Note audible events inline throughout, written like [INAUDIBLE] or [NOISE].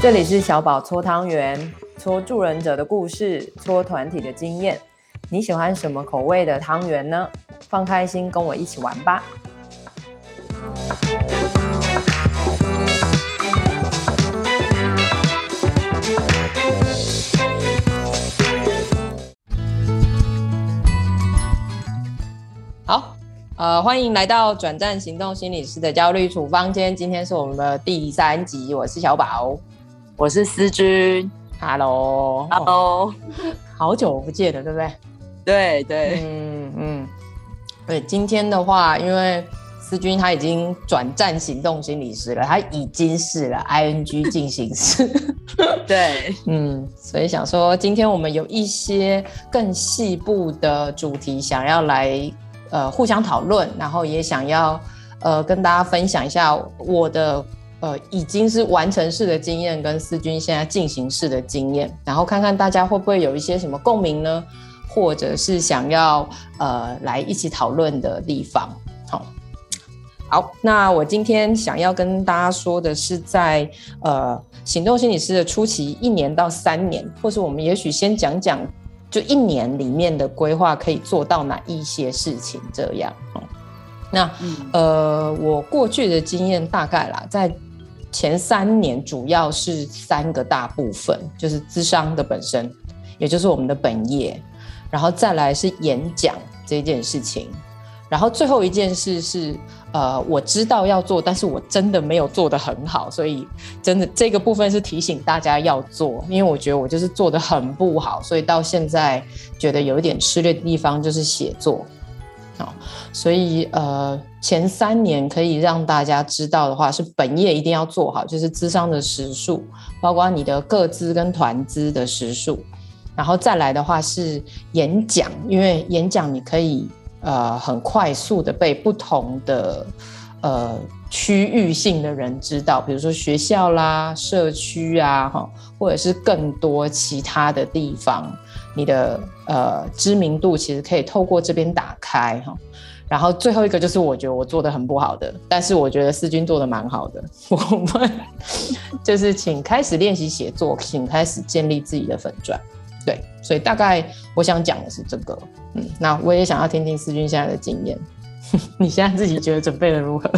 這裡是小寶搓湯圓、搓助人者的故事、搓團體的經驗。你喜歡什麼口味的湯圓呢？放開心，跟我一起玩吧。好，呃，歡迎來到轉戰行動心理師的焦慮處方箋。今天是我們的第三集，我是小寶。我是思均，Hello，Hello，Hello、哦，好久不見了，對不對？對對，對嗯嗯，對，今天的話，因為思均他已經轉戰行動心理師了，他已經是了 ing 進行式， [LAUGHS] 對，嗯，所以想說，今天我們有一些更細部的主題想要來、呃、互相討論，然後也想要、呃、跟大家分享一下我的。呃，已經是完成式的經驗跟思均現在進行式的經驗，然後看看大家會不會有一些什麼共鳴呢？或者是想要呃來一起討論的地方？好、哦，好，那我今天想要跟大家說的是在，在呃行動心理師的初期，一年到三年，或者我們也許先講講就一年裡面的規劃可以做到哪一些事情這樣。哦、那、嗯、呃，我過去的經驗大概啦，在前三年主要是三個大部分，就是諮商的本身，也就是我們的本業，然後再來是演講這件事情，然後最後一件事是，呃，我知道要做，但是我真的沒有做得很好，所以真的這個部分是提醒大家要做，因為我覺得我就是做得很不好，所以到現在覺得有一點吃力的地方就是寫作。好，所以呃，前三年可以讓大家知道的話，是本業一定要做好，就是諮商的時數，包括你的個資跟團資的時數，然後再來的話是演講，因為演講你可以呃很快速的被不同的呃區域性的人知道，比如說學校啦、社區啊，或者是更多其他的地方，你的。呃，知名度其實可以透過這邊打開哈，然後最後一個就是我覺得我做的很不好的，但是我覺得思均做的蠻好的，我 [LAUGHS] 們就是請開始練習寫作，請開始建立自己的粉專。對，所以大概我想講的是這個，嗯，那我也想要聽聽思均現在的經驗， [LAUGHS] 你現在自己覺得準備的如何？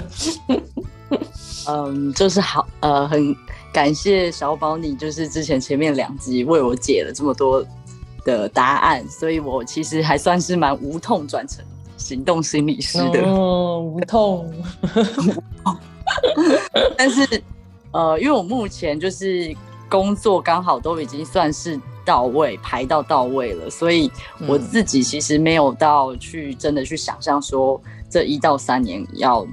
[LAUGHS] 嗯，就是好，呃，很感謝小寶你，就是之前前面兩集為我解了這麼多。的答案，所以我其實還算是蠻無痛轉成行動心理師的，no. 無痛。 [LAUGHS] [LAUGHS] 但是，呃，因為我目前就是工作剛好都已經算是到位，排到到位了，所以我自己其實沒有到去真的去想象說這一到三年要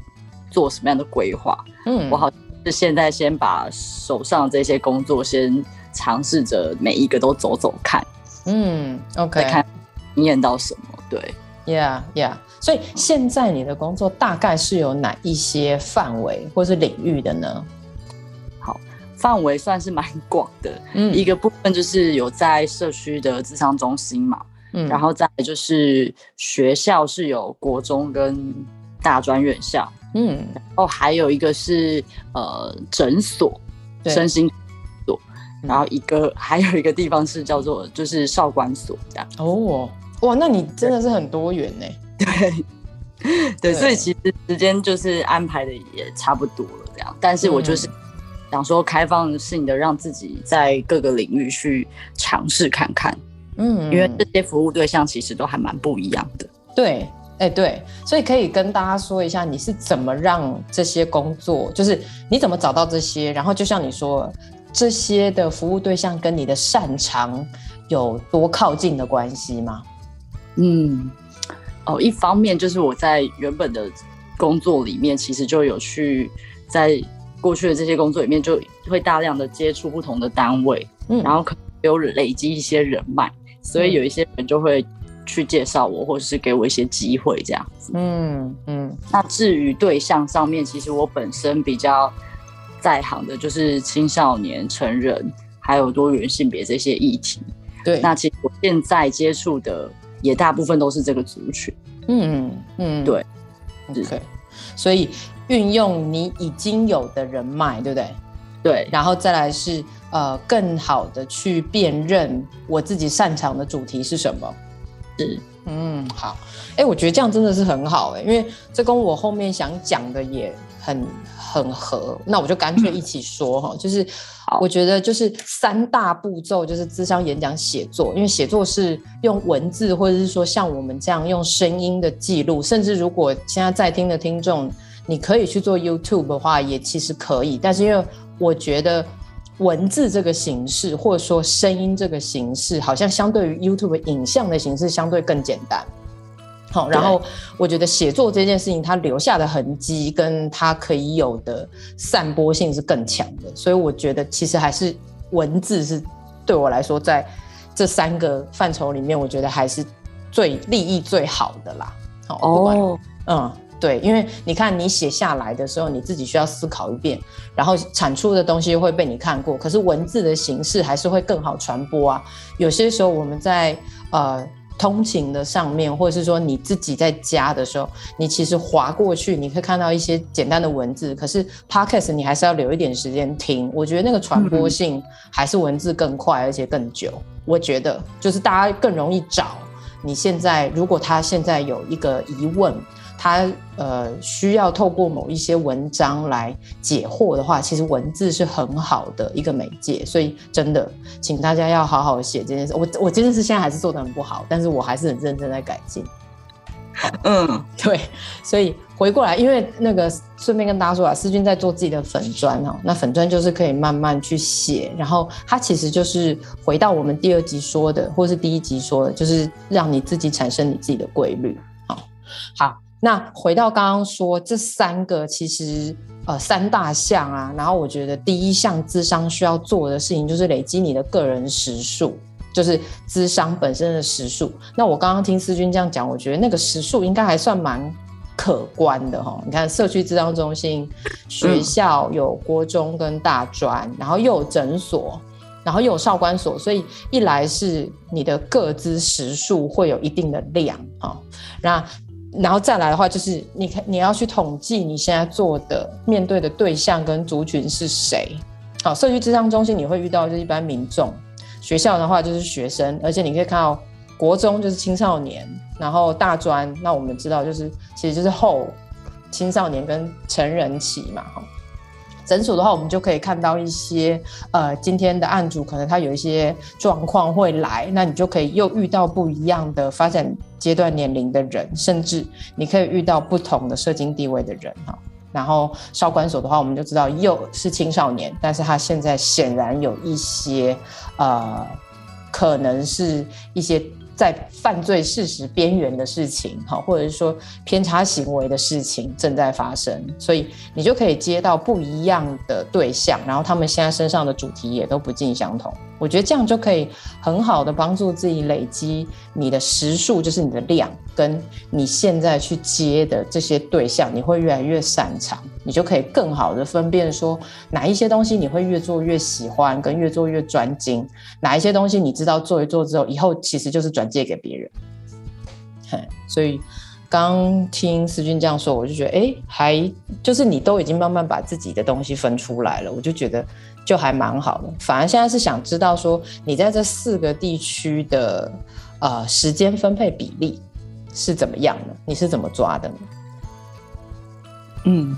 做什麼樣的規劃。嗯，我好像是現在先把手上這些工作先嘗試着每一個都走走看。嗯，OK，看，體驗到什麼？對，Yeah，Yeah。Yeah, yeah. 所以現在你的工作大概是有哪一些範圍或是領域的呢？好，範圍算是蠻廣的。嗯，一個部分就是有在社區的諮商中心嘛，嗯，然後再就是學校是有國中跟大專院校，嗯，然後還有一個是呃診所，身心。然後一個還有一個地方是叫做就是少管所，這樣哦哇，那你真的是很多元呢？欸，對對，對對，所以其實時間就是安排的也差不多了這樣，但是我就是想說開放性的讓自己在各個領域去嘗試看看，嗯，因為這些服務對象其實都還蠻不一樣的，對，哎對，所以可以跟大家說一下你是怎麼讓這些工作就是你怎麼找到這些，然後就像你說。這些的服務對象跟你的擅長有多靠近的關係嗎？嗯，哦，一方面就是我在原本的工作裡面，其實就有去在過去的這些工作裡面，就會大量的接觸不同的單位，嗯，然後可能有累積一些人脈，所以有一些人就會去介紹我，或者是給我一些機會這樣子。嗯嗯。嗯，那至於對象上面，其實我本身比較。在行的就是青少年、成人，還有多元性別這些議題。對，那其實我現在接觸的也大部分都是這個族群。嗯嗯，嗯對是，OK。所以運用你已經有的人脈，對不對？對，然後再來是呃，更好的去辨認我自己擅長的主題是什麼。是，嗯，好。哎、欸，我覺得這樣真的是很好哎、欸，因為這跟我後面想講的也很。很合，那我就乾脆一起說哈、嗯哦，就是好我覺得就是三大步驟，就是諮商、演講、寫作。因為寫作是用文字，或者是說像我們這樣用聲音的記錄，甚至如果現在在聽的聽眾，你可以去做 YouTube 的話，也其實可以。但是因為我覺得文字這個形式，或者說聲音這個形式，好像相對於 YouTube 影像的形式，相對更簡單。好，然後我覺得寫作這件事情，它留下的痕跡跟它可以有的散播性是更強的，所以我覺得其實還是文字是對我來說，在這三個範疇裡面，我覺得還是最利益最好的啦。哦、oh，嗯，對，因為你看你寫下來的時候，你自己需要思考一遍，然後產出的東西會被你看過，可是文字的形式還是會更好傳播啊。有些時候我們在呃。通勤的上面，或者是說你自己在家的時候，你其實滑過去，你可以看到一些簡單的文字。可是 podcast 你還是要留一點時間聽。我覺得那個傳播性還是文字更快，而且更久。我覺得就是大家更容易找你現在，如果他現在有一個疑問。他呃，需要透過某一些文章來解惑的話，其實文字是很好的一個媒介，所以真的請大家要好好寫這件事。我我真的是現在還是做得很不好，但是我還是很認真在改進。嗯，對。所以回過來，因為那個順便跟大家說啊，思均在做自己的粉專哦、喔，那粉專就是可以慢慢去寫，然後它其實就是回到我們第二集說的，或是第一集說的，就是讓你自己產生你自己的規律。好，好。那回到剛剛說，這三個，其實呃三大項啊，然後我覺得第一項諮商需要做的事情就是累積你的個人時數，就是諮商本身的時數。那我剛剛聽思均這樣講，我覺得那個時數應該還算蠻可觀的哈。你看社區諮商中心、學校有國中跟大專，嗯、然後又有診所，然後又有少管所，所以一來是你的各自時數會有一定的量啊，那。然後再來的話，就是你你要去統計你現在做的面對的對象跟族群是誰。好，社區諮商中心你會遇到的就是一般民眾，學校的話就是學生，而且你可以看到國中就是青少年，然後大專，那我們知道就是其實就是後青少年跟成人期嘛哈。診所的話，我們就可以看到一些呃今天的案主可能他有一些狀況會來，那你就可以又遇到不一樣的發展階段年齡的人，甚至你可以遇到不同的社經地位的人啊。然後少管所的話，我們就知道又是青少年，但是他現在顯然有一些，呃，可能是一些。在犯罪事實邊緣的事情，好，或者是說偏差行為的事情正在發生，所以你就可以接到不一樣的對象，然後他們現在身上的主題也都不盡相同。我覺得這樣就可以很好的幫助自己累積你的時數，就是你的量。跟你現在去接的這些對象，你會越來越擅長，你就可以更好的分辨說哪一些東西你會越做越喜歡，跟越做越專精，哪一些東西你知道做一做之後，以後其實就是轉介給別人。所以剛聽思均這樣說，我就覺得哎，還就是你都已經慢慢把自己的東西分出來了，我就覺得就還蠻好的。反而現在是想知道說你在這四個地區的呃時間分配比例，是怎麼樣呢？你是怎麼抓的呢？嗯，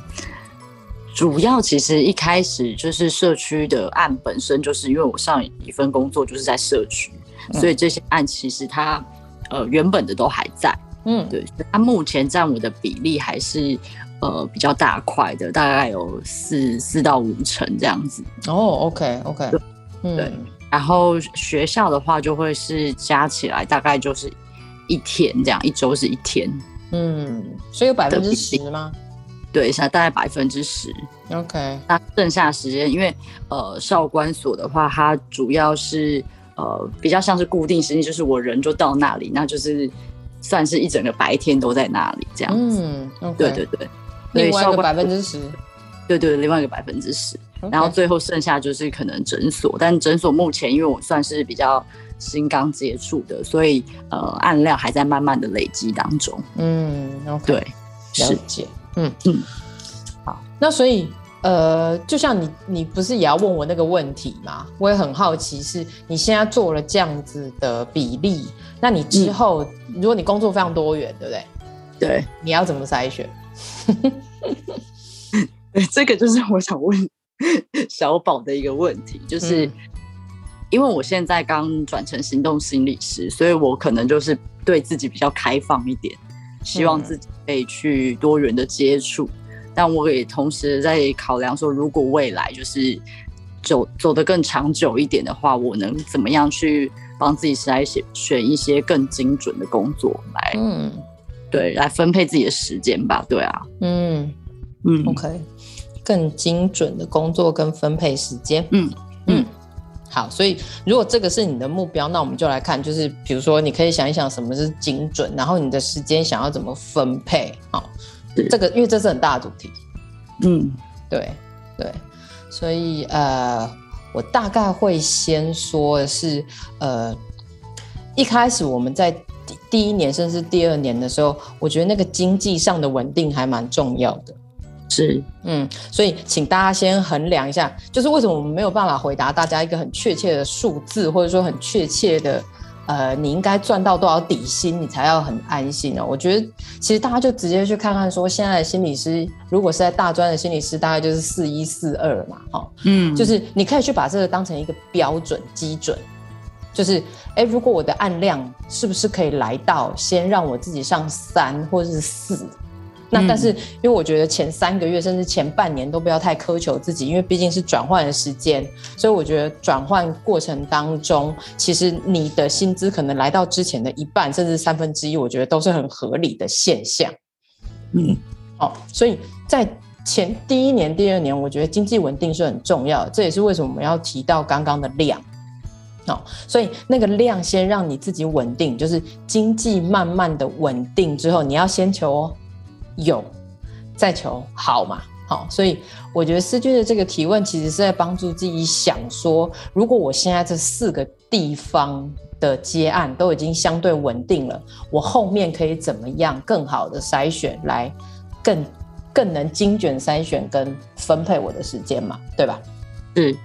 主要其實一開始就是社區的案本身，就是因為我上一份工作就是在社區，嗯、所以這些案其實它呃原本的都還在。嗯，對，它目前占我的比例還是呃比較大塊的，大概有四四到五成這樣子。哦，OK OK，對，嗯，對。然後學校的話，就會是加起來大概就是。一天這樣，一周是一天，嗯，所以有百分之十嗎？對，才大概百分之十。OK，那剩下時間，因為呃，少管所的話，它主要是呃，比較像是固定時間，就是我人就到那裡，那就是算是一整個白天都在那裡這樣子。嗯，okay. 對對對，另外一個百分之十，對，對對，另外一個百分之十。然後最後剩下就是可能診所，Okay. 但診所目前因為我算是比較新剛接觸的，所以呃案量還在慢慢的累積當中。嗯，okay. 對，了解。是嗯嗯，好。那所以呃，就像你你不是也要問我那個問題嗎？我也很好奇，是你現在做了這樣子的比例，那你之後、嗯、如果你工作非常多元，對不對？對，你要怎麼篩選 [LAUGHS] 欸？這個就是我想問。 [LAUGHS] 小寶的一個問題就是，嗯、因為我現在剛轉成行動心理師，所以我可能就是對自己比較開放一點，希望自己可以去多元的接觸。嗯、但我也同時在考量說，如果未來就是走走得更長久一點的話，我能怎麼樣去幫自己篩選選一些更精準的工作來？嗯，對，來分配自己的時間吧。對啊，嗯嗯，OK。更精準的工作跟分配時間，嗯嗯，好，所以如果這個是你的目標，那我們就來看，就是比如說，你可以想一想什麼是精準，然後你的時間想要怎麼分配？好，對這個因為這是很大的主題，嗯，對對，所以呃，我大概會先說的是呃，一開始我們在第第一年甚至第二年的時候，我覺得那個經濟上的穩定還蠻重要的。是，嗯，所以請大家先衡量一下，就是為什麼我們沒有辦法回答大家一個很確切的數字，或者說很確切的，呃，你應該賺到多少底薪，你才要很安心呢、哦？我覺得其實大家就直接去看看說，說現在的心理師，如果是在大專的心理師，大概就是四一四二嘛，哈、哦，嗯，就是你可以去把這個當成一個標準基準，就是，哎，如果我的案量是不是可以來到，先讓我自己上三或者是四？那但是，因為我覺得前三個月甚至前半年都不要太苛求自己，因為畢竟是轉換的時間，所以我覺得轉換過程當中，其實你的薪資可能來到之前的一半甚至三分之一，我覺得都是很合理的現象。嗯，好，所以在前第一年、第二年，我覺得經濟穩定是很重要的，這也是為什麼我們要提到剛剛的量。好，所以那個量先讓你自己穩定，就是經濟慢慢的穩定之後，你要先求哦。有，再求好嘛？好、哦，所以我覺得思均的這個提問其實是在幫助自己想說，如果我現在這四個地方的接案都已經相對穩定了，我後面可以怎麼樣更好的篩選，來更更能精準篩選跟分配我的時間嘛？對吧？嗯。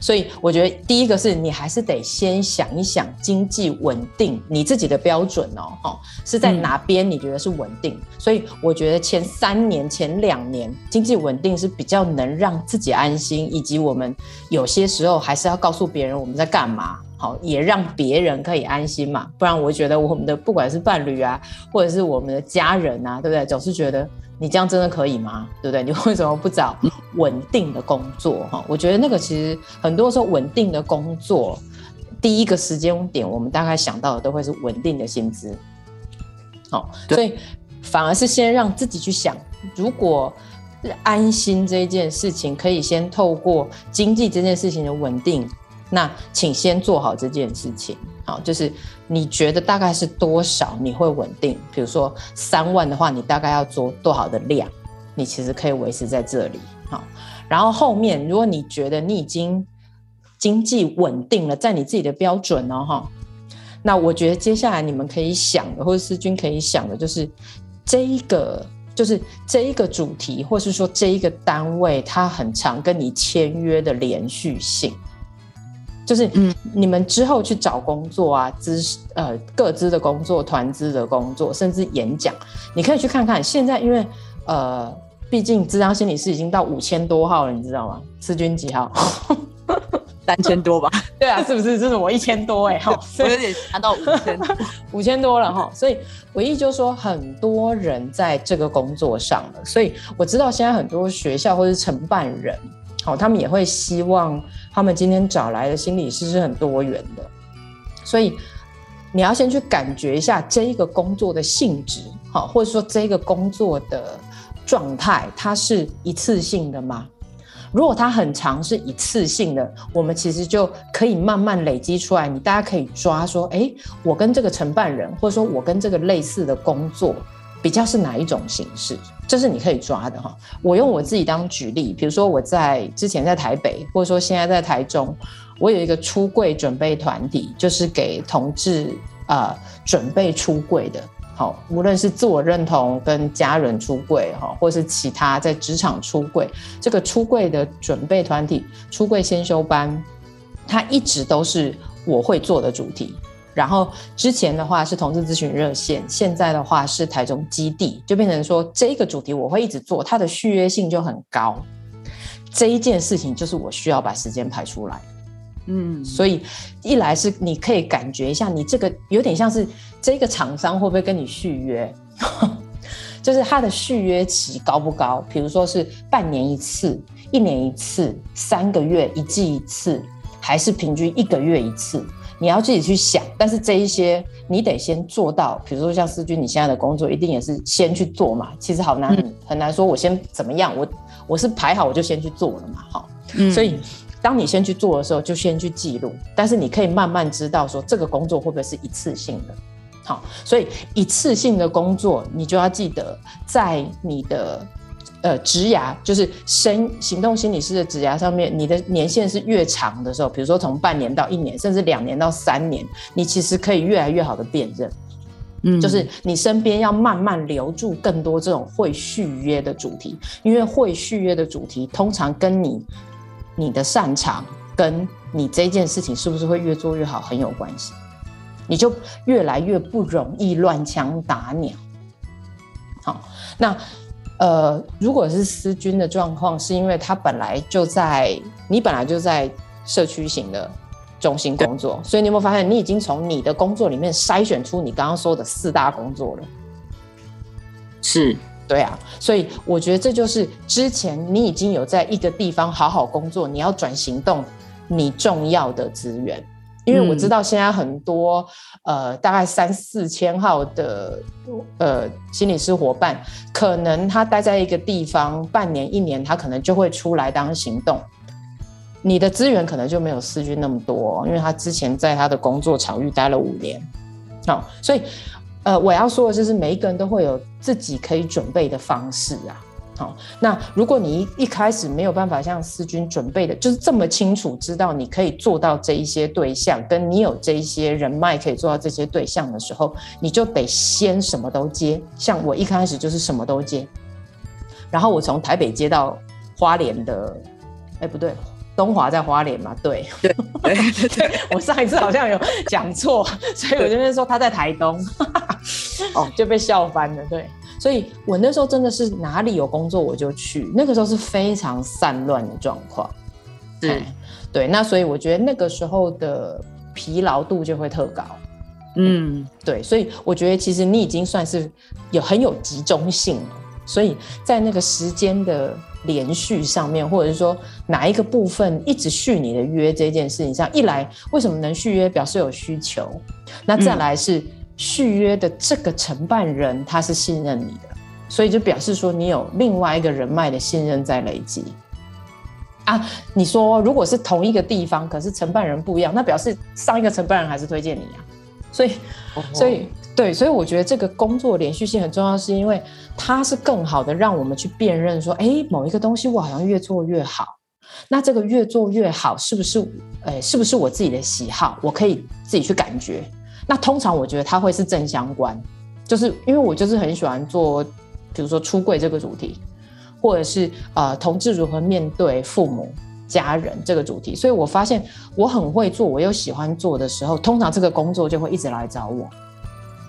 所以我覺得第一個是你還是得先想一想經濟穩定，你自己的標準哦，哦是在哪邊你覺得是穩定？嗯、所以我覺得前三年、前兩年經濟穩定是比較能讓自己安心，以及我們有些時候還是要告訴別人我們在幹嘛，好、哦、也讓別人可以安心嘛，不然我覺得我們的不管是伴侶啊，或者是我們的家人啊，對不對？總是覺得。你這樣真的可以嗎？對不對？你為什麼不找穩定的工作？哈，我覺得那個其實很多時候穩定的工作，第一個時間點我們大概想到的都會是穩定的薪資。好、哦，所以反而是先讓自己去想，如果安心這件事情，可以先透過經濟這件事情的穩定，那請先做好這件事情。好，就是你覺得大概是多少你會穩定？比如說三萬的話，你大概要做多少的量，你其實可以維持在這裡。好，然後後面如果你覺得你已經經濟穩定了，在你自己的標準呢，哈，那我覺得接下來你們可以想的，或者思均可以想的，就是這一個，就是這一個主題，或是說這一個單位，它很常跟你簽約的連續性。就是，你們之後去找工作啊，資呃個諮的工作、團諮的工作，甚至演講，你可以去看看。現在因為呃，畢竟諮商心理師已經到五千多號了，你知道嗎？思均幾號？ [LAUGHS] 三千多吧？ [LAUGHS] 對啊，是不是？就是我一千多哎，好，有點差到五千， [LAUGHS] 五千多了哈、哦。所以唯一就是說很多人在這個工作上了，所以我知道現在很多學校或是承辦人，好，他們也會希望他們今天找來的心理師是很多元的，所以你要先去感覺一下這一個工作的性質，好，或者說這個工作的狀態，它是一次性的嗎？如果它很長是一次性的，我們其實就可以慢慢累積出來。你大家可以抓說，哎、欸，我跟這個承辦人，或者說我跟這個類似的工作。比較是哪一種形式？這是你可以抓的哈。我用我自己當舉例，比如說我在之前在台北，或者說現在在台中，我有一個出櫃準備團體，就是給同志啊、呃、準備出櫃的。好，無論是自我認同跟家人出櫃哈，或是其他在職場出櫃，這個出櫃的準備團體、出櫃先修班，它一直都是我會做的主題。然後之前的話是同志諮詢熱線，現在的話是台中基地，就變成說這個主題我會一直做，它的續約性就很高。這一件事情就是我需要把時間排出來，嗯，所以一來是你可以感覺一下，你這個有點像是這個廠商會不會跟你續約， [LAUGHS] 就是它的續約期高不高？比如說是半年一次、一年一次、三個月一季一次，還是平均一個月一次？你要自己去想，但是這一些你得先做到。比如說像思均你現在的工作，一定也是先去做嘛。其實好難，很難說我先怎麼樣，我我是排好我就先去做了嘛。好，嗯、所以當你先去做的時候，就先去記錄。但是你可以慢慢知道說這個工作會不會是一次性的。好，所以一次性的工作，你就要記得在你的。呃，職涯就是身行動心理師的職涯上面，你的年限是越長的時候，比如說從半年到一年，甚至兩年到三年，你其實可以越來越好的辨認，嗯，就是你身邊要慢慢留住更多這種會續約的主題，因為會續約的主題通常跟你你的擅長跟你這件事情是不是會越做越好很有關係，你就越來越不容易亂槍打鳥。好，那。呃，如果是思均的狀況，是因為他本來就在你本來就在社區型的中心工作，對所以你有沒有發現，你已經從你的工作裡面篩選出你剛剛說的四大工作了？是，對啊，所以我覺得這就是之前你已經有在一個地方好好工作，你要轉行動你重要的資源。因為我知道現在很多，嗯、呃，大概三四千號的呃心理師夥伴，可能他待在一個地方半年一年，他可能就會出來當行動，你的資源可能就沒有思均那麼多，因為他之前在他的工作場域待了五年，好，所以呃，我要說的就是每一個人都會有自己可以準備的方式啊。好、哦，那如果你一一開始沒有辦法像思均準備的，就是這麼清楚知道你可以做到這一些對象，跟你有這一些人脈可以做到這些對象的時候，你就得先什麼都接。像我一開始就是什麼都接，然後我從台北接到花蓮的，哎、欸、不對，東華在花蓮嘛，對，對對對 [LAUGHS] 對，我上一次好像有講錯，對對對，所以我就跟他說他在台東，對對對 [LAUGHS] 哦，就被笑翻了，對。所以我那時候真的是哪裡有工作我就去，那個時候是非常散亂的狀況。對、嗯、對，那所以我覺得那個時候的疲勞度就會特高。嗯對，對，所以我覺得其實你已經算是有很有集中性了。所以在那個時間的連續上面，或者是說哪一個部分一直續你的約這件事情上，一來為什麼能續約，表示有需求，那再來是。嗯續約的這個承辦人，他是信任你的，所以就表示說你有另外一個人脈的信任在累積啊。你說如果是同一個地方，可是承辦人不一樣，那表示上一個承辦人還是推薦你啊。所以，哦哦所以對，所以我覺得這個工作連續性很重要，是因為它是更好的讓我們去辨認說，誒，某一個東西我好像越做越好。那這個越做越好，是不是誒，是不是我自己的喜好？我可以自己去感覺。那通常我覺得它會是正相關，就是因為我就是很喜歡做，比如說出櫃這個主題，或者是呃同志如何面對父母家人這個主題，所以我發現我很會做，我又喜歡做的時候，通常這個工作就會一直來找我，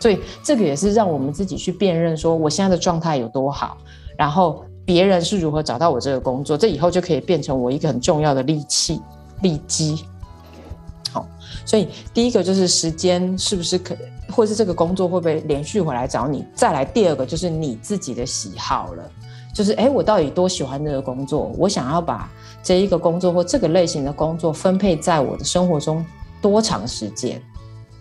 所以這個也是讓我們自己去辨認說，我現在的狀態有多好，然後別人是如何找到我這個工作，這以後就可以變成我一個很重要的利器、利基。所以第一個就是時間是不是可，或是這個工作會不會連續回來找你。再來，第二個就是你自己的喜好了，就是誒，我到底多喜歡這個工作？我想要把這一個工作或這個類型的工作分配在我的生活中多長時間？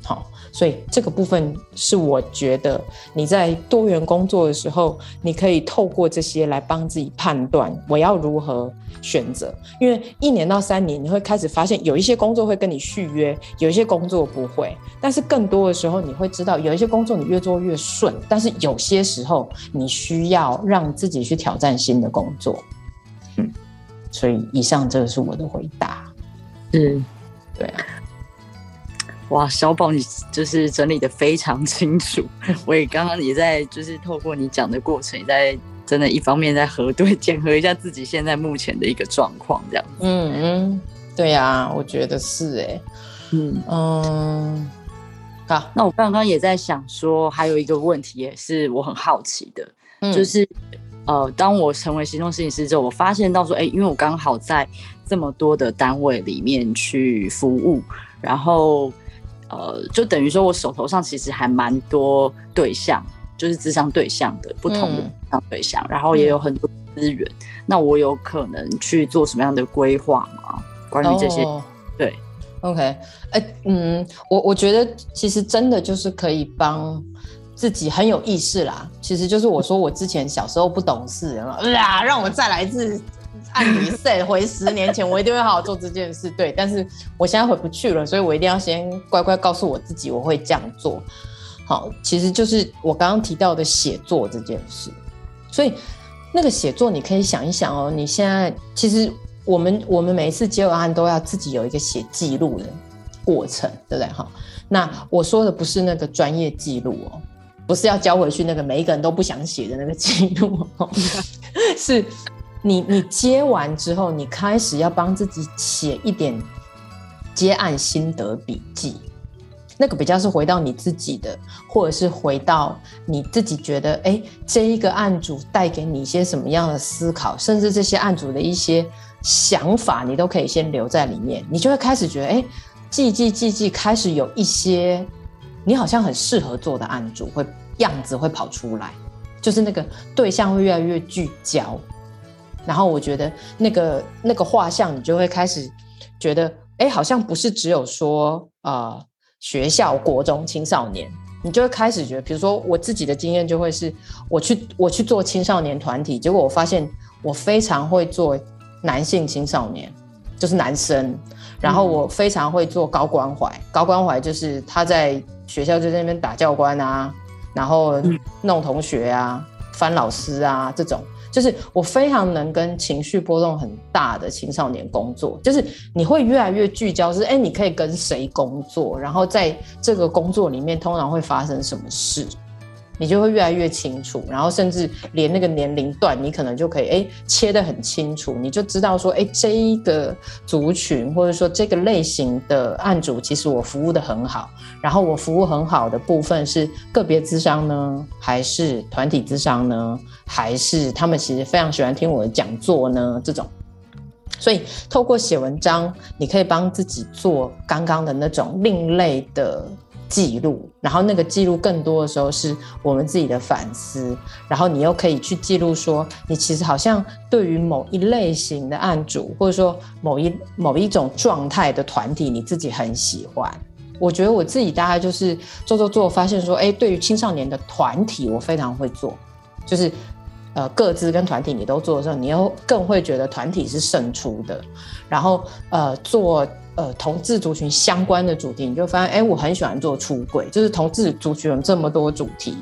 好。所以這個部分是我覺得你在多元工作的時候，你可以透過這些來幫自己判斷我要如何選擇。因為一年到三年，你會開始發現有一些工作會跟你續約，有一些工作不會。但是更多的時候，你會知道有一些工作你越做越順，但是有些時候你需要讓自己去挑戰新的工作。嗯，所以以上這個是我的回答。嗯是，對啊。哇，小寶，你就是整理的非常清楚。我也剛剛也在，就是透過你講的過程，也在真的，一方面在核對、檢核一下自己現在目前的一個狀況，這樣。嗯嗯，對呀、啊，我覺得是哎、欸。嗯嗯，嗯嗯好。那我剛剛也在想說，還有一個問題也是我很好奇的，嗯、就是呃，當我成為行動心理師之後，我發現到說，哎，因為我剛好在這麼多的單位裡面去服務，然後。呃，就等於說，我手頭上其實還蠻多對象，就是諮商對象的不同的諮商對象，嗯、然後也有很多資源，嗯、那我有可能去做什麼樣的規劃嗎？關於這些，oh. 對，OK，欸、嗯，我我覺得其實真的就是可以幫自己很有意識啦。其實就是我說我之前小時候不懂事有有，然、呃、後讓我再來一次。按你 say 回十年前， [LAUGHS] 我一定會好好做這件事。對，但是我現在回不去了，所以我一定要先乖乖告訴我自己，我會這樣做。好，其實就是我剛剛提到的寫作這件事。所以那個寫作，你可以想一想哦。你現在其實我們我們每一次接完案，都要自己有一個寫記錄的過程，對不對？哈，那我說的不是那個專業記錄哦，不是要交回去那個每一個人都不想寫的那個記錄，哦， [LAUGHS] 是。你你接完之後，你開始要幫自己寫一點接案心得筆記，那個比較是回到你自己的，或者是回到你自己覺得，哎、欸，這一個案主帶給你一些什麼樣的思考，甚至這些案主的一些想法，你都可以先留在裡面。你就會開始覺得，哎、欸，記記記記，開始有一些你好像很適合做的案主，會樣子會跑出來，就是那個對象會越來越聚焦。然後我覺得那個那個畫像，你就會開始覺得，哎，好像不是只有說呃學校國中青少年，你就會開始覺得，比如說我自己的經驗就會是，我去我去做青少年團體，結果我發現我非常會做男性青少年，就是男生，然後我非常會做高關懷，嗯、高關懷就是他在學校就在那邊打教官啊，然後弄同學啊，翻老師啊這種。就是我非常能跟情緒波動很大的青少年工作，就是你會越來越聚焦是，是誒，你可以跟誰工作，然後在這個工作裡面通常會發生什麼事。你就會越來越清楚，然後甚至連那個年齡段，你可能就可以誒切得很清楚，你就知道說誒這一個族群或者說這個類型的案主，其實我服務得很好，然後我服務很好的部分是個別諮商呢，還是團體諮商呢，還是他們其實非常喜歡聽我的講座呢這種，所以透過寫文章，你可以幫自己做剛剛的那種另類的。記錄，然後那個記錄更多的時候是我們自己的反思，然後你又可以去記錄說，你其實好像對於某一類型的案主，或者說某一某一種狀態的團體，你自己很喜歡。我覺得我自己大概就是做做做，發現說，誒，對於青少年的團體，我非常會做，就是呃，個諮跟團體你都做的時候，你又更會覺得團體是勝出的，然後呃，做。呃，同志族群相關的主題，你就發現，哎、欸，我很喜歡做出櫃，就是同志族群有這麼多主題，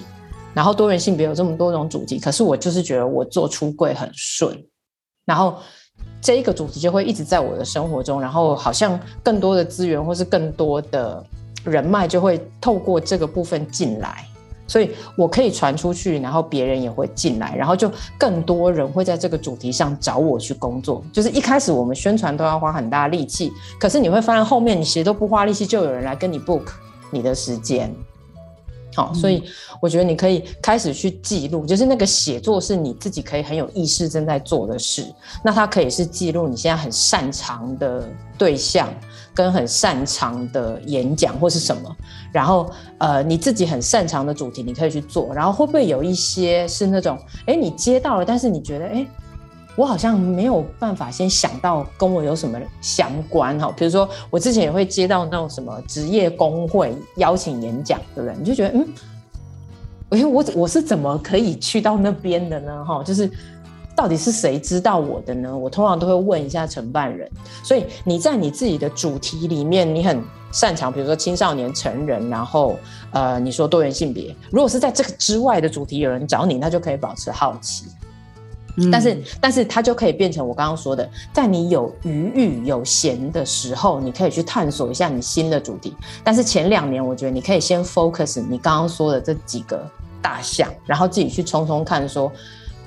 然後多元性別有這麼多種主題，可是我就是覺得我做出櫃很順，然後這一個主題就會一直在我的生活中，然後好像更多的資源或是更多的人脈就會透過這個部分進來。所以，我可以傳出去，然後別人也會進來，然後就更多人會在這個主題上找我去工作。就是一開始我們宣傳都要花很大力氣，可是你會發現後面你其實都不花力氣，就有人來跟你 book 你的時間。好、哦，所以我覺得你可以開始去記錄，就是那個寫作是你自己可以很有意識正在做的事。那它可以是記錄你現在很擅長的對象，跟很擅長的演講或是什麼。然後，呃，你自己很擅長的主題，你可以去做。然後，會不會有一些是那種，誒，你接到了，但是你覺得，誒。我好像沒有辦法先想到跟我有什麼相關哈，比如說我之前也會接到那種什麼職業工會邀請演講的人，你就覺得嗯，欸，我我是怎麼可以去到那邊的呢？哈，就是到底是誰知道我的呢？我通常都會問一下承辦人。所以你在你自己的主題裡面，你很擅長，比如說青少年、成人，然後呃，你說多元性別，如果是在這個之外的主題有人找你，那就可以保持好奇。但是，嗯、但是它就可以變成我剛剛說的，在你有餘裕、有閒的時候，你可以去探索一下你新的主題。但是前兩年，我覺得你可以先 focus 你剛剛說的這幾個大項，然後自己去衝衝看，說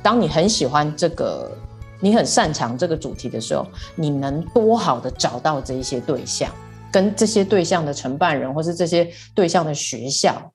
當你很喜歡這個，你很擅長這個主題的時候，你能多好的找到這一些對象，跟這些對象的承辦人，或是這些對象的學校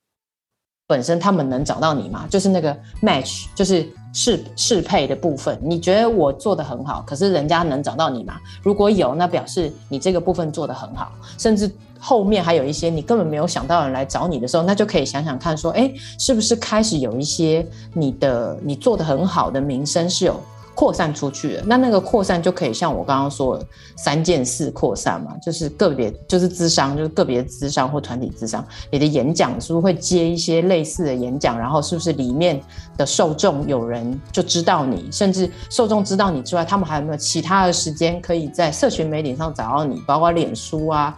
本身，他們能找到你嗎？就是那個 match，就是。適適配的部分，你覺得我做得很好，可是人家能找到你嗎？如果有，那表示你這個部分做得很好，甚至後面還有一些你根本沒有想到人來找你的時候，那就可以想想看，說，哎，是不是開始有一些你的你做得很好的名聲是有？擴散出去，那那個擴散就可以像我剛剛說的三件事擴散嘛，就是個別就是諮商，就是個別諮商或團體諮商。你的演講是不是會接一些類似的演講？然後是不是裡面的受眾有人就知道你？甚至受眾知道你之外，他們還有沒有其他的時間可以在社群媒體上找到你？包括臉書啊、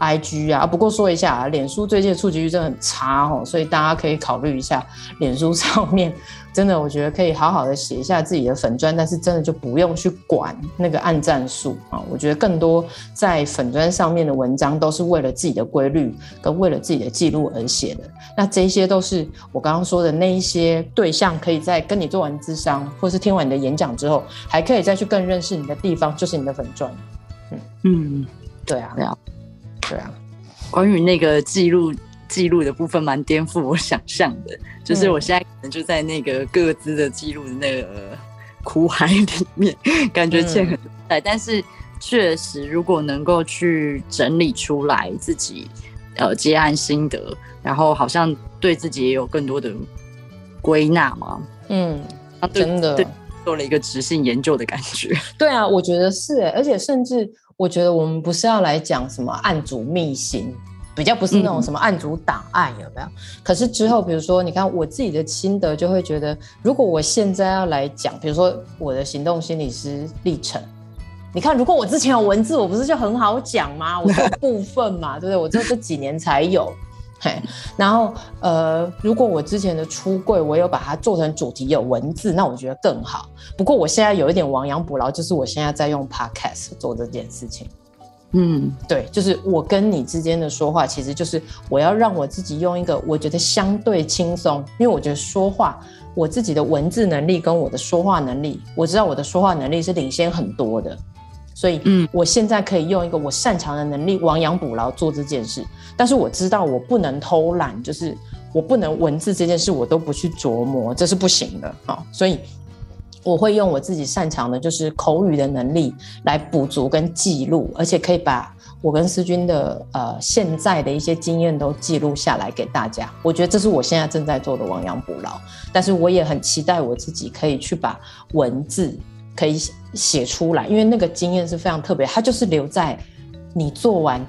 IG 啊。不過說一下啊，臉書最近的觸及率真的很差哦，所以大家可以考慮一下臉書上面。真的，我覺得可以好好的寫一下自己的粉專，但是真的就不用去管那個按讚數啊。我覺得更多在粉專上面的文章都是為了自己的規律跟為了自己的記錄而寫的。那這些都是我剛剛說的那一些對象，可以在跟你做完諮商，或是聽完你的演講之後，還可以再去更認識你的地方，就是你的粉專。嗯嗯，對啊，對啊，關於那個記錄。記錄的部分蠻顛覆我想象的，就是我現在可能就在那個各自的記錄的那個、嗯呃、苦海裡面，感覺欠很多債。嗯、但是確實，如果能夠去整理出來自己呃接案心得，然後好像對自己也有更多的歸納嘛。嗯，對真的對做了一個質性研究的感覺。對啊，我覺得是、欸，而且甚至我覺得我們不是要來講什麼案主秘辛。比較不是那種什麼案主檔案有沒有？嗯、哼可是之後，比如說，你看我自己的心得，就會覺得，如果我現在要來講，比如說我的行動心理師歷程，你看，如果我之前有文字，我不是就很好講嗎？我這部分嘛， [LAUGHS] 對不對？我這這幾年才有， [LAUGHS] 嘿。然後呃，如果我之前的出櫃，我有把它做成主題有文字，那我覺得更好。不過我現在有一點亡羊補牢，就是我現在在用 podcast 做這件事情。嗯， [NOISE] 對，就是我跟你之間的說話，其實就是我要讓我自己用一個我覺得相對輕鬆，因為我覺得說話，我自己的文字能力跟我的說話能力，我知道我的說話能力是領先很多的，所以，嗯，我現在可以用一個我擅長的能力亡羊補牢做這件事，但是我知道我不能偷懶，就是我不能文字這件事我都不去琢磨，這是不行的啊、哦，所以。我會用我自己擅長的，就是口語的能力來補足跟記錄，而且可以把我跟思均的呃現在的一些經驗都記錄下來給大家。我覺得這是我現在正在做的亡羊補牢，但是我也很期待我自己可以去把文字可以寫出來，因為那個經驗是非常特別，它就是留在你做完，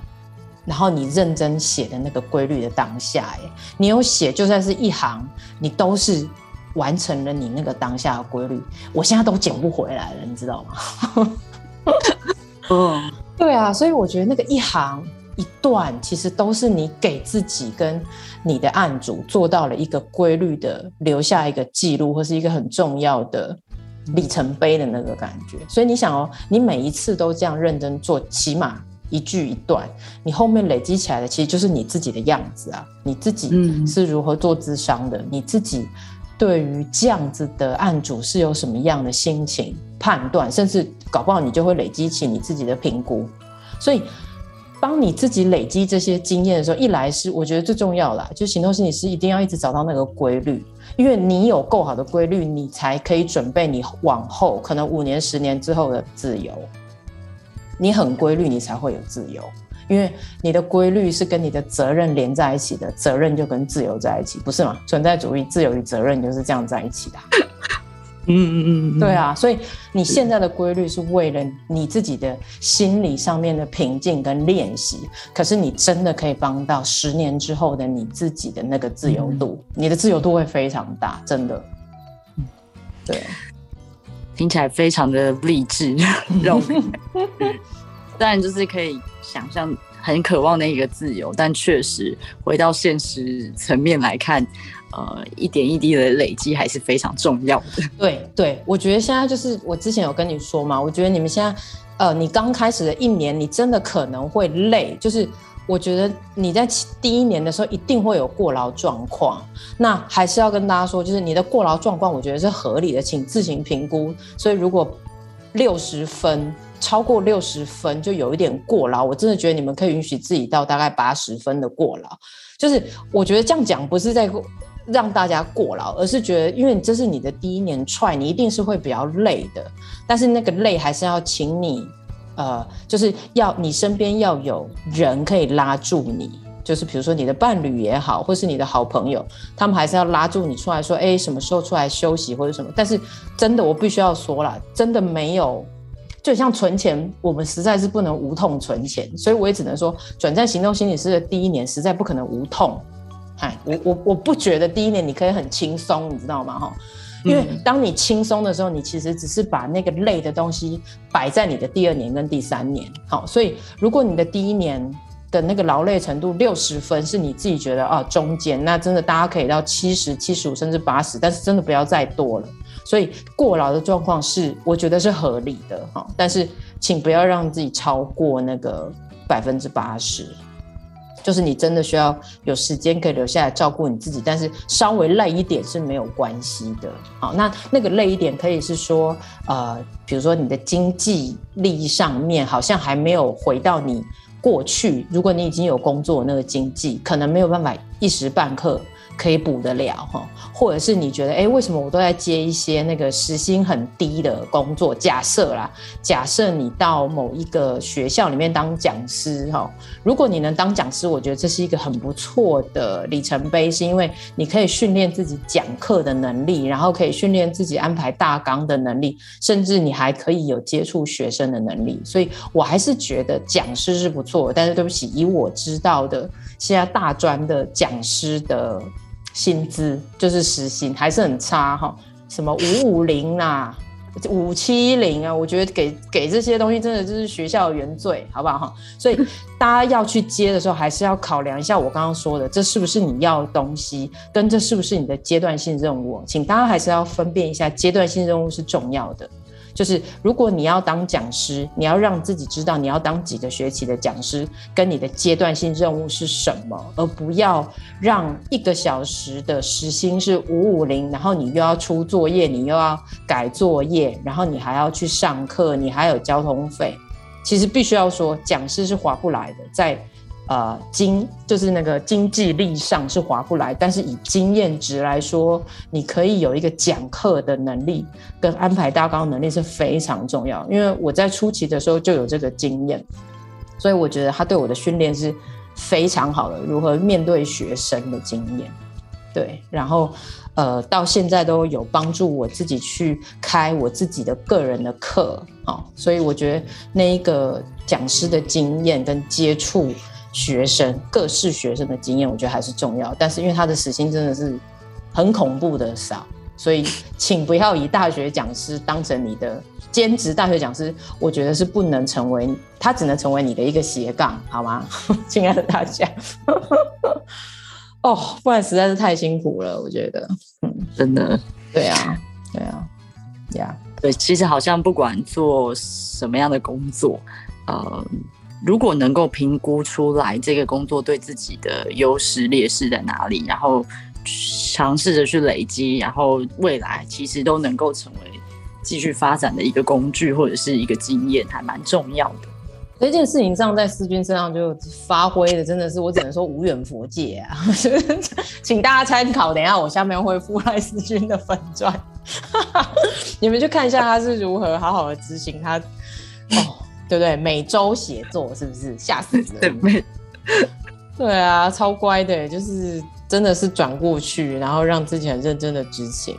然後你認真寫的那個規律的當下，誒，你有寫就算是一行，你都是。完成了你那個當下的規律，我現在都撿不回來了，你知道嗎？嗯， [LAUGHS] 對啊，所以我覺得那個一行一段，其實都是你給自己跟你的案主做到了一個規律的，留下一個記錄或是一個很重要的里程碑的那個感覺。所以你想哦，你每一次都這樣認真做，起碼一句一段，你後面累積起來的，其實就是你自己的樣子啊，你自己是如何做諮商的，你自己。對於這樣子的案主是有什麼樣的心情判斷，甚至搞不好你就會累積起你自己的評估。所以，當你自己累積這些經驗的時候，一來是我覺得最重要的、啊，就是行動心理師一定要一直找到那個規律，因為你有夠好的規律，你才可以準備你往後可能五年、十年之後的自由。你很規律，你才會有自由。因為你的規律是跟你的責任連在一起的，責任就跟自由在一起，不是嗎？存在主義，自由與責任就是這樣在一起的。嗯，嗯嗯嗯，對啊，所以你現在的規律是為了你自己的心理上面的平靜跟練習，可是你真的可以幫到十年之後的你自己的那個自由度，嗯嗯，你的自由度會非常大，真的。嗯、對，聽起來非常的勵志。 [LAUGHS] [LAUGHS] 當然，就是可以想象很渴望的一個自由，但確實回到現實層面來看，呃，一點一滴的累積還是非常重要的。對對，我覺得現在就是我之前有跟你說嘛，我覺得你們現在，呃，你剛開始的一年，你真的可能會累，就是我覺得你在第一年的時候一定會有過勞狀況。那還是要跟大家說，就是你的過勞狀況，我覺得是合理的，請自行評估。所以如果六十分，超過六十分就有一點過勞，我真的覺得你們可以允許自己到大概八十分的過勞。就是我覺得這樣講不是在讓大家過勞，而是覺得因為這是你的第一年 try，你一定是會比較累的。但是那個累還是要請你，呃，就是要你身邊要有人可以拉住你，就是比如說你的伴侶也好，或是你的好朋友，他們還是要拉住你出來說，哎，什麼時候出來休息或者什麼。但是真的，我必須要說了，真的沒有。就像存錢，我們實在是不能無痛存錢，所以我也只能說，轉戰行動心理師的第一年實在不可能無痛。嗨，我我我不覺得第一年你可以很輕鬆，你知道嗎？哈，因為當你輕鬆的時候，你其實只是把那個累的東西擺在你的第二年跟第三年。好，所以如果你的第一年的那個勞累程度六十分是你自己覺得啊，中間，那真的大家可以到七十、七十五甚至八十，但是真的不要再多了。所以過勞的狀況是，我覺得是合理的哈，但是請不要讓自己超過那個百分之八十，就是你真的需要有時間可以留下來照顧你自己，但是稍微累一點是沒有關係的。好，那那個累一點，可以是說呃，比如說你的經濟利益上面好像還沒有回到你過去，如果你已經有工作那個經濟，可能沒有辦法一時半刻。可以補得了哈，或者是你覺得哎，為什麼我都在接一些那個時薪很低的工作？假設啦，假設你到某一個學校裡面當講師哈，如果你能當講師，我覺得這是一個很不錯的里程碑，是因為你可以訓練自己講課的能力，然後可以訓練自己安排大綱的能力，甚至你還可以有接觸學生的能力。所以我還是覺得講師是不錯，但是對不起，以我知道的現在大專的講師的。薪資就是時薪，還是很差哈，什麼五五零啊，五七零啊，我覺得給給這些東西真的就是學校原罪，好不好？所以大家要去接的時候，還是要考量一下我剛剛說的，這是不是你要的東西，跟這是不是你的階段性任務，請大家還是要分辨一下，階段性任務是重要的。就是如果你要當講師，你要讓自己知道你要當幾個學期的講師，跟你的階段性任務是什麼，而不要讓一個小時的時薪是五五零，然後你又要出作業，你又要改作業，然後你還要去上課，你還有交通費。其實必須要說，講師是划不來的，在。呃，經就是那個經濟力上是划不來，但是以經驗值來說，你可以有一個講課的能力跟安排大綱能力是非常重要的。因為我在初期的時候就有這個經驗，所以我覺得他對我的訓練是非常好的。如何面對學生的經驗，對，然後呃到現在都有幫助我自己去開我自己的個人的課，啊、哦。所以我覺得那一個講師的經驗跟接觸。學生各式學生的經驗，我覺得還是重要。但是因為他的時薪真的是很恐怖的少，所以請不要以大學講師當成你的兼職大學講師。我覺得是不能成為，他只能成為你的一個斜槓，好嗎？ [LAUGHS] 親愛的大家 [LAUGHS] ，哦，不然實在是太辛苦了。我覺得，嗯，真的，對啊，對啊，對啊，對。其實好像不管做什麼樣的工作，嗯、呃……如果能夠評估出來這個工作對自己的優勢劣勢在哪裡，然後嘗試着去累積，然後未來其實都能夠成為繼續發展的一個工具或者是一個經驗，還蠻重要的。這件事情上，在思均身上就發揮的真的是我只能說無遠弗屆啊！ [LAUGHS] 請大家參考，等一下我下面會附賴思均的粉專， [LAUGHS] 你們去看一下他是如何好好的執行他。 [LAUGHS] 對不對？每周寫作是不是嚇死人？對，對啊，超乖的，就是真的是轉過去，然後讓自己很認真的執行。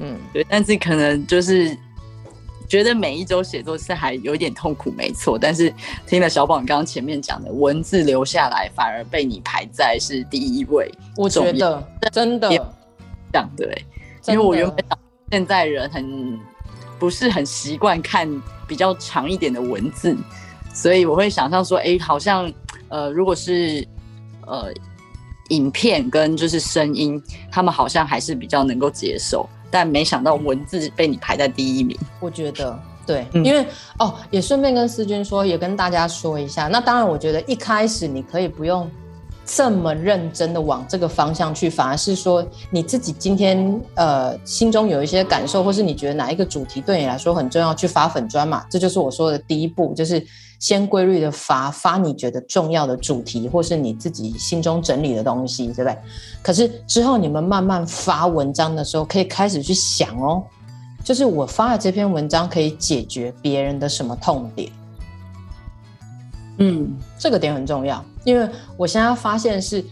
嗯，對。但是可能就是覺得每一周寫作是還有一點痛苦，沒錯。但是聽了小寶剛剛前面講的文字留下來，反而被你排在是第一位。我覺得真的這樣對，因為我原本現在人很不是很習慣看。比較長一點的文字，所以我會想象說，哎、欸，好像，呃，如果是，呃，影片跟就是聲音，他們好像還是比較能夠接受，但沒想到文字被你排在第一名。我覺得對，因為、嗯、哦，也順便跟思均說，也跟大家說一下。那當然，我覺得一開始你可以不用。這麼認真的往這個方向去發，反而是說你自己今天呃心中有一些感受，或是你覺得哪一個主題對你來說很重要，去發粉專嘛，這就是我說的第一步，就是先規律的發，發你覺得重要的主題，或是你自己心中整理的東西，對不對？可是之後你們慢慢發文章的時候，可以開始去想哦，就是我發的這篇文章可以解決別人的什麼痛點。嗯，這個點很重要，因為我現在發現是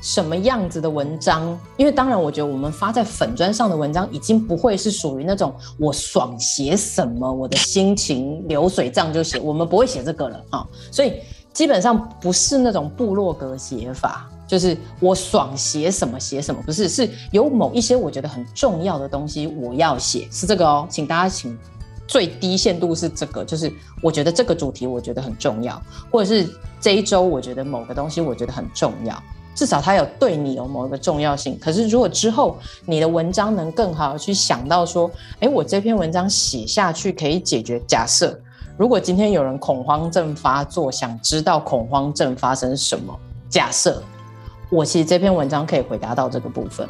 什麼樣子的文章？因為當然，我覺得我們發在粉專上的文章已經不會是屬於那種我爽寫什麼，我的心情流水賬就寫，我們不會寫這個了啊、哦。所以基本上不是那種部落格寫法，就是我爽寫什麼寫什麼，寫什麼，不是，是有某一些我覺得很重要的東西我要寫，是這個哦，請大家請。最低限度是這個，就是我覺得這個主題我覺得很重要，或者是這一周我覺得某個東西我覺得很重要，至少它有對你有某一個重要性。可是如果之後你的文章能更好的去想到說，誒，我這篇文章寫下去可以解決假設，如果今天有人恐慌症發作，想知道恐慌症發生什麼假設，我其實這篇文章可以回答到這個部分。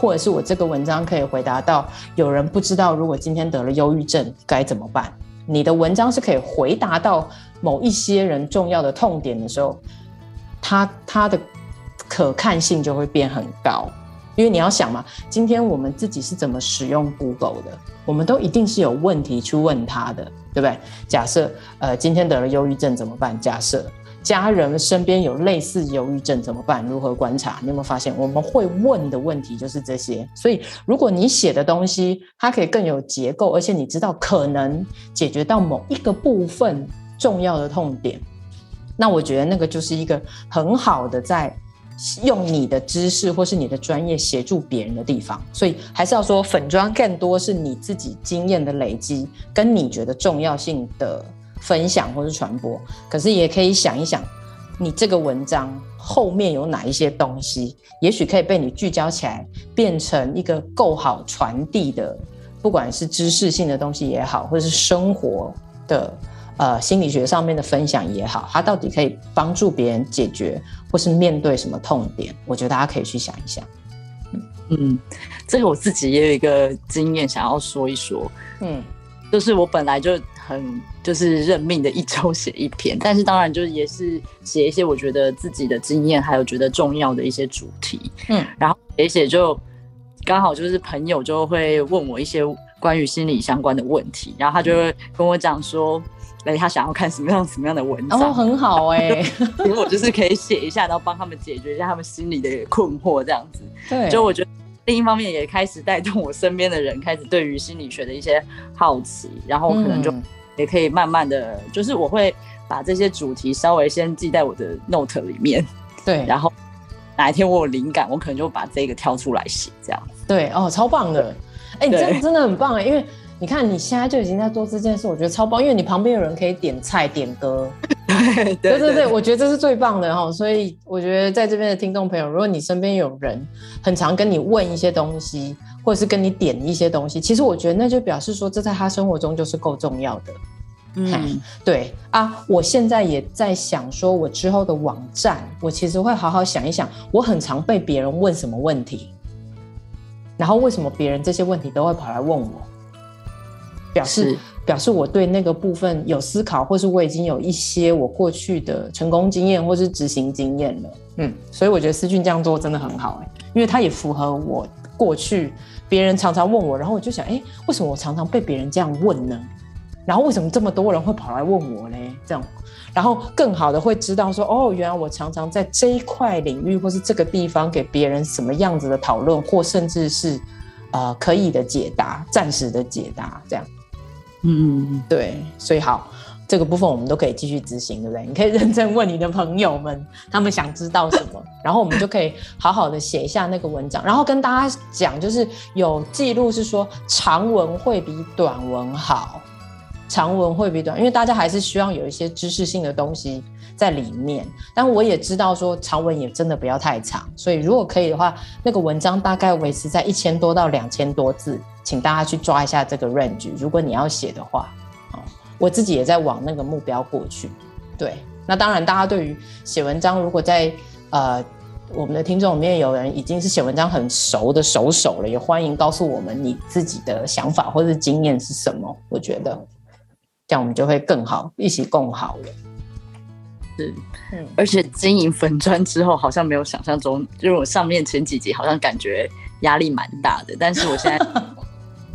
或者是我這個文章可以回答到有人不知道，如果今天得了憂鬱症該怎麼辦？你的文章是可以回答到某一些人重要的痛點的時候，它它的可看性就會變很高。因為你要想嘛，今天我們自己是怎麼使用 Google 的？我們都一定是有問題去問他的，對不對？假設呃，今天得了憂鬱症怎麼辦？假設。家人身邊有類似憂鬱症怎麼辦？如何觀察？你有沒有發現，我們會問的問題就是這些。所以，如果你寫的東西它可以更有結構，而且你知道可能解決到某一個部分重要的痛點，那我覺得那個就是一個很好的在用你的知識或是你的專業協助別人的地方。所以，還是要說粉專更多是你自己經驗的累積，跟你覺得重要性的。分享或是傳播，可是也可以想一想，你這個文章後面有哪一些東西，也許可以被你聚焦起來，變成一個夠好傳遞的，不管是知識性的東西也好，或是生活的呃心理學上面的分享也好，它到底可以幫助別人解決或是面對什麼痛點？我覺得大家可以去想一想。嗯，這個我自己也有一個經驗想要說一說。嗯，就是我本來就。很就是認命的，一周寫一篇，但是當然就是也是寫一些我覺得自己的經驗，還有覺得重要的一些主題。嗯，然後寫寫就剛好就是朋友就會問我一些關於心理相關的問題，然後他就會跟我講說，哎、嗯，他想要看什麼樣什麼樣的文章，哦、很好哎、欸， [LAUGHS] 我就是可以寫一下，然後幫他們解決一下他們心理的困惑，這樣子。對，就我覺得另一方面也開始帶動我身邊的人開始對於心理學的一些好奇，然後可能就、嗯。也可以慢慢的就是，我會把這些主題稍微先記在我的 note 裡面，對，然後哪一天我有靈感，我可能就把這個挑出來寫這樣。對哦，超棒的，哎、欸，對你這個真的很棒哎、欸，因為。你看，你現在就已經在做這件事，我覺得超棒，因為你旁邊有人可以點菜、點歌。 [LAUGHS] 對對對，我覺得這是最棒的齁。所以我覺得在這邊的聽眾朋友，如果你身邊有人很常跟你問一些東西，或者是跟你點一些東西，其實我覺得那就表示說，這在他生活中就是夠重要的。嗯，對啊，我現在也在想，說我之後的網站，我其實會好好想一想，我很常被別人問什麼問題，然後為什麼別人這些問題都會跑來問我？表示是表示我對那個部分有思考，或是我已經有一些我過去的成功經驗或是執行經驗了，嗯，所以我覺得思均這樣做真的很好哎、欸，因為他也符合我過去別人常常問我，然後我就想，哎、欸，為什麼我常常被別人這樣問呢？然後為什麼這麼多人會跑來問我呢？這樣，然後更好的會知道說，哦，原來我常常在這一塊領域或是這個地方給別人什麼樣子的討論，或甚至是呃可以的解答，暫時的解答這樣。嗯，對，所以好，這個部分我們都可以繼續執行，對不對？你可以認真問你的朋友們，他們想知道什麼，然後我們就可以好好的寫一下那個文章，然後跟大家講，就是有記錄是說長文會比短文好。長文會比短，因為大家還是希望有一些知識性的東西在裡面。但我也知道說，長文也真的不要太長，所以如果可以的話，那個文章大概維持在一千多到兩千多字，請大家去抓一下這個 range。如果你要寫的話，哦，我自己也在往那個目標過去。對，那當然，大家對於寫文章，如果在呃我們的聽眾裡面有人已經是寫文章很熟的熟手了，也歡迎告訴我們你自己的想法或者是經驗是什麼，我覺得。這樣我們就會更好，一起共好了。是，而且經營粉專之後，好像沒有想象中，就是我上面前幾集好像感覺壓力蠻大的，但是我現在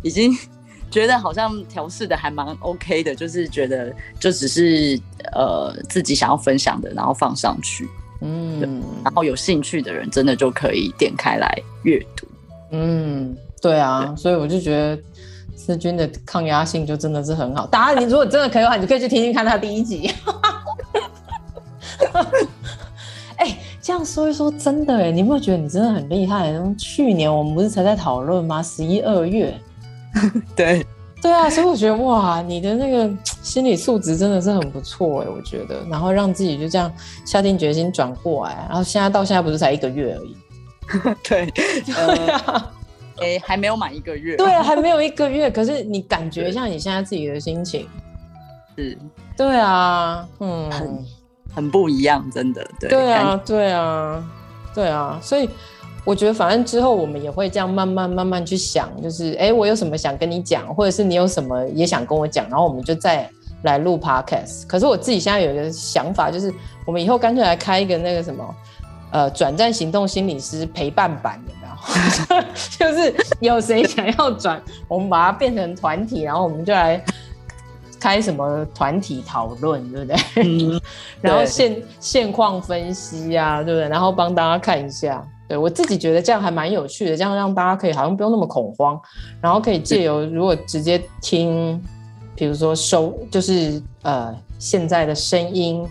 已經 [LAUGHS] 覺得好像調適的還蠻 OK 的，就是覺得就只是呃自己想要分享的，然後放上去，嗯，然後有興趣的人真的就可以點開來閱讀。嗯，對啊，對，所以我就覺得。思均的抗壓性就真的是很好，答案你如果真的可以的話，你就可以去聽聽看他第一集。哎、 [LAUGHS] 欸，這樣說一說真的哎、欸，你有沒有覺得你真的很厲害、欸？從去年我們不是才在討論嗎？十一二月，對，對啊，所以我覺得哇，你的那個心理素質真的是很不錯哎、欸，我覺得，然後讓自己就這樣下定決心轉過來，然後現在到現在不是才一個月而已，對，對啊、呃。 [LAUGHS] 誒、欸，還沒有滿一個月。對啊，還沒有一個月。 [LAUGHS] 可是你感覺像你現在自己的心情。是對啊，嗯很，很不一樣，真的。對，對啊，對啊，對啊。所以我覺得，反正之後我們也會這樣慢慢慢慢去想，就是哎、欸，我有什麼想跟你講，或者是你有什麼也想跟我講，然後我們就再來錄 podcast。可是我自己現在有一個想法，就是我們以後乾脆來開一個那個什麼，呃，轉戰行動心理師陪伴版的。 [LAUGHS] 就是有誰想要轉， [LAUGHS] 我們把它變成團體，然後我們就來開什麼團體討論，對不對？嗯、 [LAUGHS] 然後現對現況分析啊，對不對？然後幫大家看一下，對，我自己覺得這樣還蠻有趣的，這樣讓大家可以好像不用那麼恐慌，然後可以借由如果直接聽，比如說收，就是呃現在的聲音，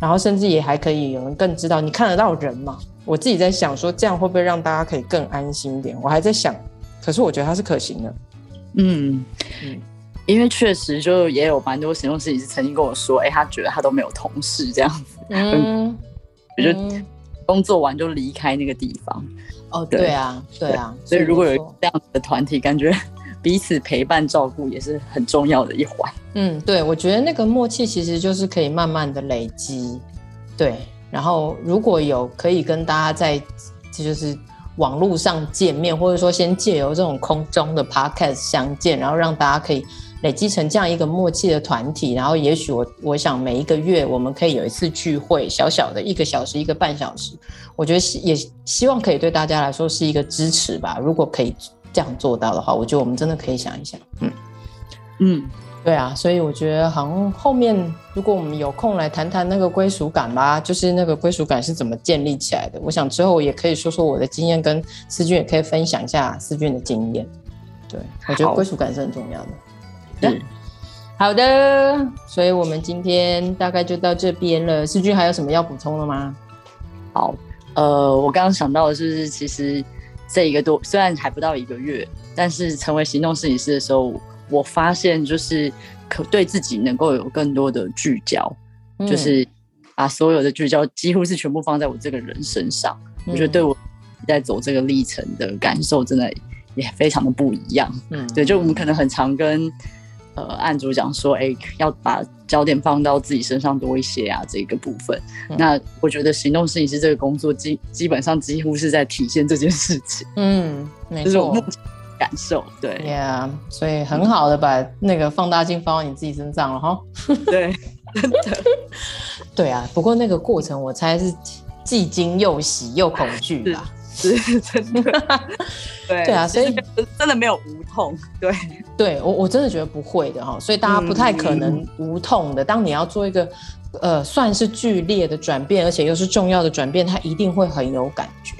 然後甚至也還可以有人更知道你看得到人嘛。我自己在想，說這樣會不會讓大家可以更安心一點？我還在想，可是我覺得它是可行的。嗯嗯，因為確實就也有蠻多行動心理師是曾經跟我說，哎、欸，他覺得他都沒有同事這樣子，嗯，我、嗯、就工作完就離開那個地方。哦，對,對啊，對啊，對所以如果有這樣的團體，感覺彼此陪伴照顧也是很重要的一環。嗯，對，我覺得那個默契其實就是可以慢慢的累積，對。然後，如果有可以跟大家在，就是網絡上見面，或者說先借由這種空中的 podcast 相見，然後讓大家可以累積成這樣一個默契的團體，然後也許我我想每一個月我們可以有一次聚會，小小的一個小時、一個半小時，我覺得也希望可以對大家來說是一個支持吧。如果可以這樣做到的話，我覺得我們真的可以想一想，嗯，嗯。對啊，所以我覺得好像後面如果我們有空來談談那個歸屬感吧，就是那個歸屬感是怎麼建立起來的。我想之後也可以說說我的經驗，跟思均也可以分享一下思均的經驗。對，好我覺得歸屬感是很重要的。對是，啊、好的，所以我們今天大概就到這邊了。思均還有什麼要補充的嗎？好，呃，我剛剛想到的是，其實這一個多雖然還不到一個月，但是成為行動心理師的時候。我發現就是可對自己能夠有更多的聚焦，嗯、就是把所有的聚焦幾乎是全部放在我這個人身上。嗯、我覺得對我在走這個歷程的感受，真的也非常的不一樣。嗯，對，就我們可能很常跟呃案主講說，哎、欸，要把焦點放到自己身上多一些啊，這個部分。嗯、那我覺得行動心理師這個工作基基本上幾乎是在體現這件事情。嗯，沒錯。受對 y、yeah，所以很好的把那個放大鏡放到你自己身上了哈。對，真 [LAUGHS] 對啊。不過那個過程，我猜是既驚又喜又恐懼啊，是，對， [LAUGHS] 對啊，所以真，真的沒有無痛。對，對我我真的覺得不會的哈，所以大家不太可能無痛的。當你要做一個呃算是劇烈的轉變，而且又是重要的轉變，它一定會很有感覺。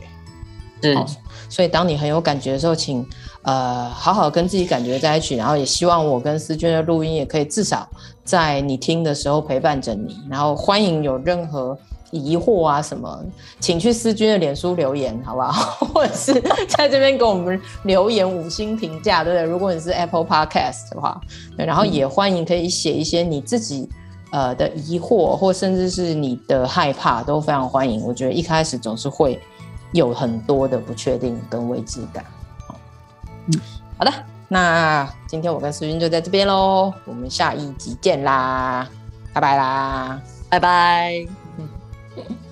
嗯是，所以當你很有感覺的時候，請。呃，好好跟自己感覺在一起，然後也希望我跟思均的錄音也可以至少在你聽的時候陪伴着你。然後歡迎有任何疑惑啊什麼，請去思均的臉書留言，好不好？ [LAUGHS] 或者是在這邊給我們留言五星評價，對不對？如果你是 Apple Podcast 的話，對，然後也歡迎可以寫一些你自己呃的疑惑，或甚至是你的害怕，都非常歡迎。我覺得一開始總是會有很多的不確定跟未知感。嗯、好的，那今天我跟思均就在這邊嘍，我們下一集見啦，拜拜啦，拜拜。嗯 [LAUGHS]